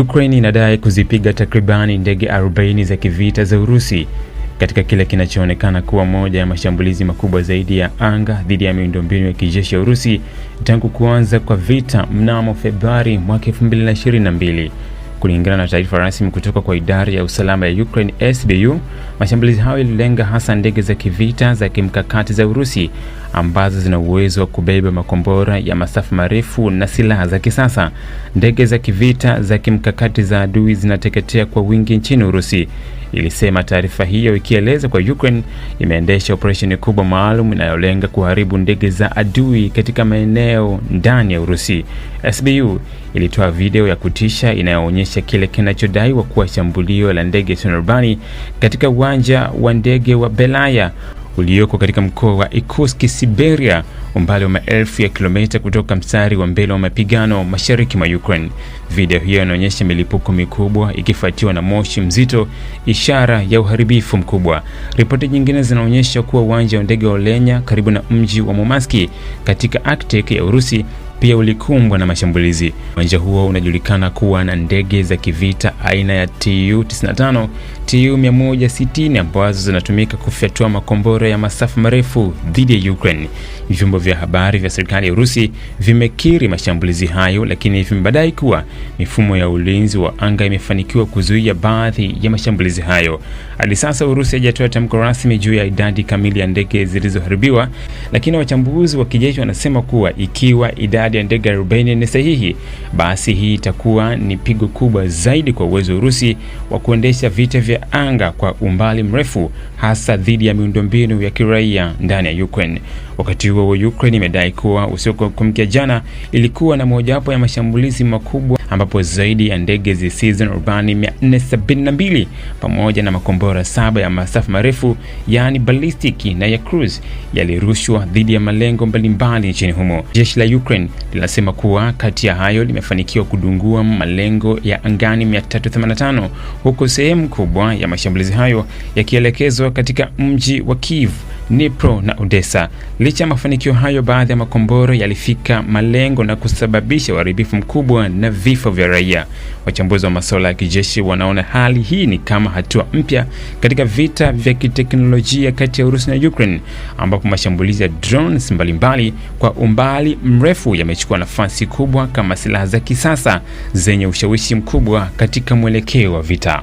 Ukraine inadai kuzipiga takribani ndege 40 za kivita za Urusi katika kile kinachoonekana kuwa moja ya mashambulizi makubwa zaidi ya anga dhidi ya miundombinu ya kijeshi ya Urusi tangu kuanza kwa vita mnamo Februari mwaka 2022. Kulingana na taarifa rasmi kutoka kwa idara ya usalama ya Ukraine SBU, mashambulizi hayo yalilenga hasa ndege za kivita za kimkakati za Urusi ambazo zina uwezo wa kubeba makombora ya masafa marefu na silaha za kisasa. Ndege za kivita za kimkakati za adui zinateketea kwa wingi nchini Urusi, ilisema taarifa hiyo, ikieleza kwa Ukraine imeendesha operesheni kubwa maalum inayolenga kuharibu ndege za adui katika maeneo ndani ya Urusi. SBU ilitoa video ya kutisha inayoonyesha kile kinachodaiwa kuwa shambulio la ndege isiyo na rubani katika uwanja wa ndege wa Belaya ulioko katika mkoa wa ikuski Siberia, umbali wa maelfu ya kilomita kutoka mstari wa mbele wa mapigano mashariki mwa Ukraine. Video hiyo inaonyesha milipuko mikubwa ikifuatiwa na moshi mzito, ishara ya uharibifu mkubwa. Ripoti nyingine zinaonyesha kuwa uwanja wa ndege wa Olenya karibu na mji wa Murmansk katika Arctic ya Urusi pia ulikumbwa na mashambulizi. Uwanja huo unajulikana kuwa na ndege za kivita aina ya Tu-95, Tu-160 ambazo zinatumika kufyatua makombora ya masafa marefu dhidi ya Ukraine. Vyombo vya habari vya serikali ya Urusi vimekiri mashambulizi hayo, lakini vimebadai kuwa mifumo ya ulinzi wa anga imefanikiwa kuzuia baadhi ya mashambulizi hayo. Hadi sasa Urusi haijatoa tamko rasmi juu ya idadi kamili ya ndege zilizoharibiwa, lakini wachambuzi wa kijeshi wanasema kuwa ikiwa idadi idadi ya ndege 40 ni sahihi, basi hii itakuwa ni pigo kubwa zaidi kwa uwezo wa Urusi wa kuendesha vita vya anga kwa umbali mrefu, hasa dhidi ya miundombinu ya kiraia ndani ya Ukraine. Wakati huo huo, Ukraine imedai kuwa usiku wa kuamkia jana ilikuwa na mojawapo ya mashambulizi makubwa ambapo zaidi ya ndege zisizo na rubani 472 pamoja na makombora saba ya masafa marefu yaani ballistic na ya cruise yalirushwa dhidi ya malengo mbalimbali nchini humo. Jeshi la Ukraine linasema kuwa kati ya hayo limefanikiwa kudungua malengo ya angani 385 huku sehemu kubwa ya mashambulizi hayo yakielekezwa katika mji wa Kiev Dnipro na Odessa. Licha ya mafanikio hayo, baadhi ya makombora yalifika malengo na kusababisha uharibifu mkubwa na vifo vya raia. Wachambuzi wa masuala ya kijeshi wanaona hali hii ni kama hatua mpya katika vita vya kiteknolojia kati ya Urusi na Ukraine, ambapo mashambulizi ya drones mbalimbali kwa umbali mrefu yamechukua nafasi kubwa kama silaha za kisasa zenye ushawishi mkubwa katika mwelekeo wa vita.